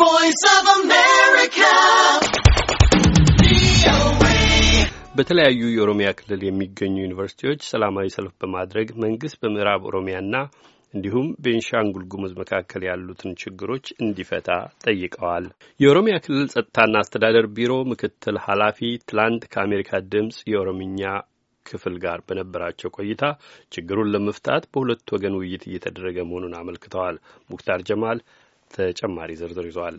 voice of America. በተለያዩ የኦሮሚያ ክልል የሚገኙ ዩኒቨርሲቲዎች ሰላማዊ ሰልፍ በማድረግ መንግስት በምዕራብ ኦሮሚያና እንዲሁም ቤንሻንጉል ጉሙዝ መካከል ያሉትን ችግሮች እንዲፈታ ጠይቀዋል። የኦሮሚያ ክልል ጸጥታና አስተዳደር ቢሮ ምክትል ኃላፊ ትላንት ከአሜሪካ ድምፅ የኦሮምኛ ክፍል ጋር በነበራቸው ቆይታ ችግሩን ለመፍታት በሁለት ወገን ውይይት እየተደረገ መሆኑን አመልክተዋል። ሙክታር ጀማል ተጨማሪ ዝርዝር ይዘዋል።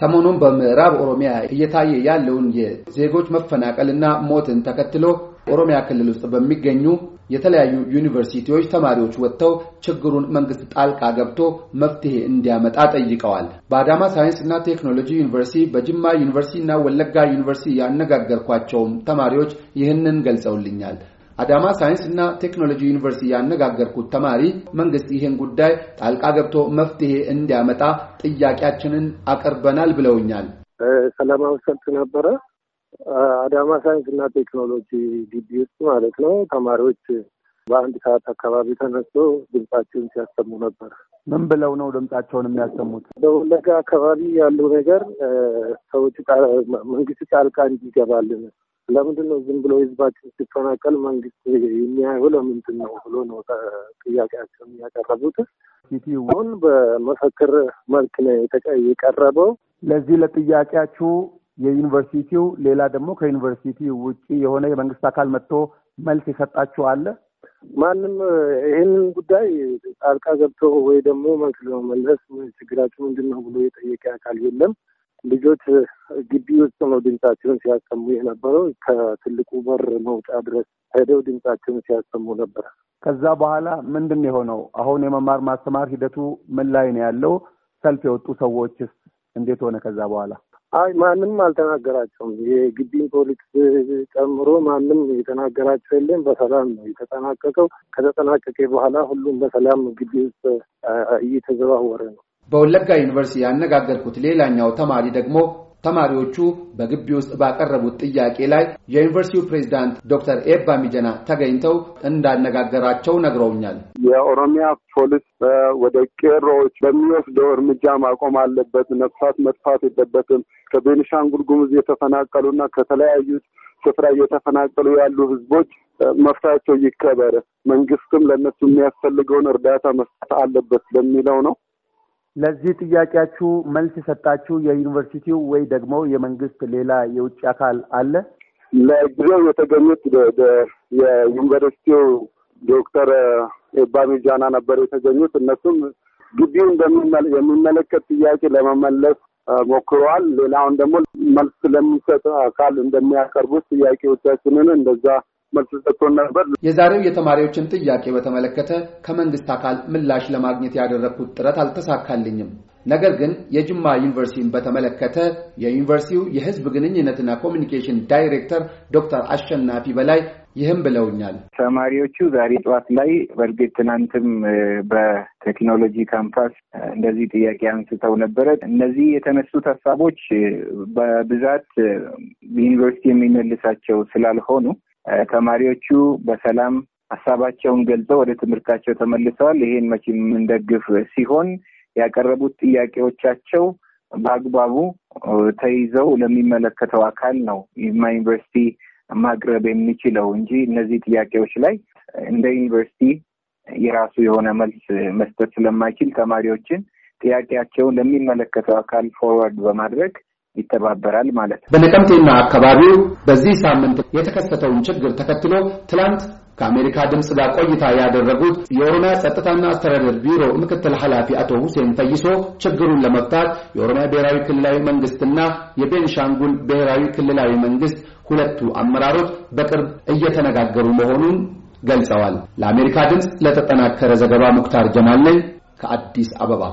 ሰሞኑን በምዕራብ ኦሮሚያ እየታየ ያለውን የዜጎች መፈናቀልና ሞትን ተከትሎ ኦሮሚያ ክልል ውስጥ በሚገኙ የተለያዩ ዩኒቨርሲቲዎች ተማሪዎች ወጥተው ችግሩን መንግስት ጣልቃ ገብቶ መፍትሄ እንዲያመጣ ጠይቀዋል። በአዳማ ሳይንስ እና ቴክኖሎጂ ዩኒቨርሲቲ፣ በጅማ ዩኒቨርሲቲ እና ወለጋ ዩኒቨርሲቲ ያነጋገርኳቸውም ተማሪዎች ይህንን ገልጸውልኛል። አዳማ ሳይንስ እና ቴክኖሎጂ ዩኒቨርሲቲ ያነጋገርኩት ተማሪ መንግስት ይህን ጉዳይ ጣልቃ ገብቶ መፍትሄ እንዲያመጣ ጥያቄያችንን አቅርበናል ብለውኛል። ሰላማዊ ሰልፍ ነበረ አዳማ ሳይንስ እና ቴክኖሎጂ ግቢ ውስጥ ማለት ነው። ተማሪዎች በአንድ ሰዓት አካባቢ ተነስቶ ድምጻቸውን ሲያሰሙ ነበር። ምን ብለው ነው ድምጻቸውን የሚያሰሙት? በወለጋ አካባቢ ያለው ነገር ሰዎች መንግስት ጣልቃ እንዲገባልን ለምንድን ነው ዝም ብሎ ህዝባችን ሲፈናቀል መንግስት የሚያየው ለምንድን ነው ብሎ ነው ጥያቄያቸውን ያቀረቡት። አሁን በመፈክር መልክ ነው የቀረበው። ለዚህ ለጥያቄያችሁ የዩኒቨርሲቲው ሌላ ደግሞ ከዩኒቨርሲቲ ውጭ የሆነ የመንግስት አካል መጥቶ መልስ የሰጣችሁ አለ? ማንም ይህንን ጉዳይ ጣልቃ ገብቶ ወይ ደግሞ መልስ ለመመለስ ችግራችሁ ምንድን ነው ብሎ የጠየቀ አካል የለም። ልጆች ግቢ ውስጥ ነው ድምጻቸውን ሲያሰሙ የነበረው። ከትልቁ በር መውጫ ድረስ ሄደው ድምጻቸውን ሲያሰሙ ነበር። ከዛ በኋላ ምንድን የሆነው? አሁን የመማር ማስተማር ሂደቱ ምን ላይ ነው ያለው? ሰልፍ የወጡ ሰዎችስ እንዴት ሆነ? ከዛ በኋላ አይ ማንም አልተናገራቸውም። የግቢን ፖሊስ ጨምሮ ማንም የተናገራቸው የለም። በሰላም ነው የተጠናቀቀው። ከተጠናቀቀ በኋላ ሁሉም በሰላም ግቢ ውስጥ እየተዘዋወረ ነው። በወለጋ ዩኒቨርሲቲ ያነጋገርኩት ሌላኛው ተማሪ ደግሞ ተማሪዎቹ በግቢ ውስጥ ባቀረቡት ጥያቄ ላይ የዩኒቨርሲቲው ፕሬዚዳንት ዶክተር ኤባ ሚጀና ተገኝተው እንዳነጋገራቸው ነግረውኛል። የኦሮሚያ ፖሊስ ወደ ቄሮዎች በሚወስደው እርምጃ ማቆም አለበት፣ ነፍሳት መጥፋት የለበትም። ከቤኒሻንጉል ጉሙዝ የተፈናቀሉና ከተለያዩ ስፍራ እየተፈናቀሉ ያሉ ህዝቦች መፍታቸው ይከበር፣ መንግስትም ለእነሱ የሚያስፈልገውን እርዳታ መስጠት አለበት በሚለው ነው ለዚህ ጥያቄያችሁ መልስ የሰጣችሁ የዩኒቨርሲቲው ወይ ደግሞ የመንግስት ሌላ የውጭ አካል አለ? ለጊዜው የተገኙት የዩኒቨርሲቲው ዶክተር ኤባሚጃና ነበር የተገኙት። እነሱም ግቢው የሚመለከት ጥያቄ ለመመለስ ሞክረዋል። ሌላውን ደግሞ መልስ ለሚሰጥ አካል እንደሚያቀርቡት ጥያቄዎቻችንን እንደዛ መልስ ሰጥቶ ነበር። የዛሬው የተማሪዎችን ጥያቄ በተመለከተ ከመንግስት አካል ምላሽ ለማግኘት ያደረግኩት ጥረት አልተሳካልኝም። ነገር ግን የጅማ ዩኒቨርሲቲን በተመለከተ የዩኒቨርሲቲው የህዝብ ግንኙነትና ኮሚኒኬሽን ዳይሬክተር ዶክተር አሸናፊ በላይ ይህም ብለውኛል። ተማሪዎቹ ዛሬ ጠዋት ላይ በእርግጥ ትናንትም በቴክኖሎጂ ካምፓስ እንደዚህ ጥያቄ አንስተው ነበረ። እነዚህ የተነሱት ሀሳቦች በብዛት ዩኒቨርሲቲ የሚመልሳቸው ስላልሆኑ ተማሪዎቹ በሰላም ሀሳባቸውን ገልጸው ወደ ትምህርታቸው ተመልሰዋል። ይሄን መቼም የምንደግፍ ሲሆን ያቀረቡት ጥያቄዎቻቸው በአግባቡ ተይዘው ለሚመለከተው አካል ነው ይማ ዩኒቨርሲቲ ማቅረብ የሚችለው እንጂ እነዚህ ጥያቄዎች ላይ እንደ ዩኒቨርሲቲ የራሱ የሆነ መልስ መስጠት ስለማይችል ተማሪዎችን ጥያቄያቸውን ለሚመለከተው አካል ፎርዋርድ በማድረግ ይተባበራል ማለት ነው። በነቀምቴና አካባቢው በዚህ ሳምንት የተከሰተውን ችግር ተከትሎ ትላንት ከአሜሪካ ድምፅ ጋር ቆይታ ያደረጉት የኦሮሚያ ጸጥታና አስተዳደር ቢሮ ምክትል ኃላፊ አቶ ሁሴን ፈይሶ ችግሩን ለመፍታት የኦሮሚያ ብሔራዊ ክልላዊ መንግስትና የቤንሻንጉል ብሔራዊ ክልላዊ መንግስት ሁለቱ አመራሮች በቅርብ እየተነጋገሩ መሆኑን ገልጸዋል። ለአሜሪካ ድምፅ ለተጠናከረ ዘገባ ሙክታር ጀማል ነኝ ከአዲስ አበባ።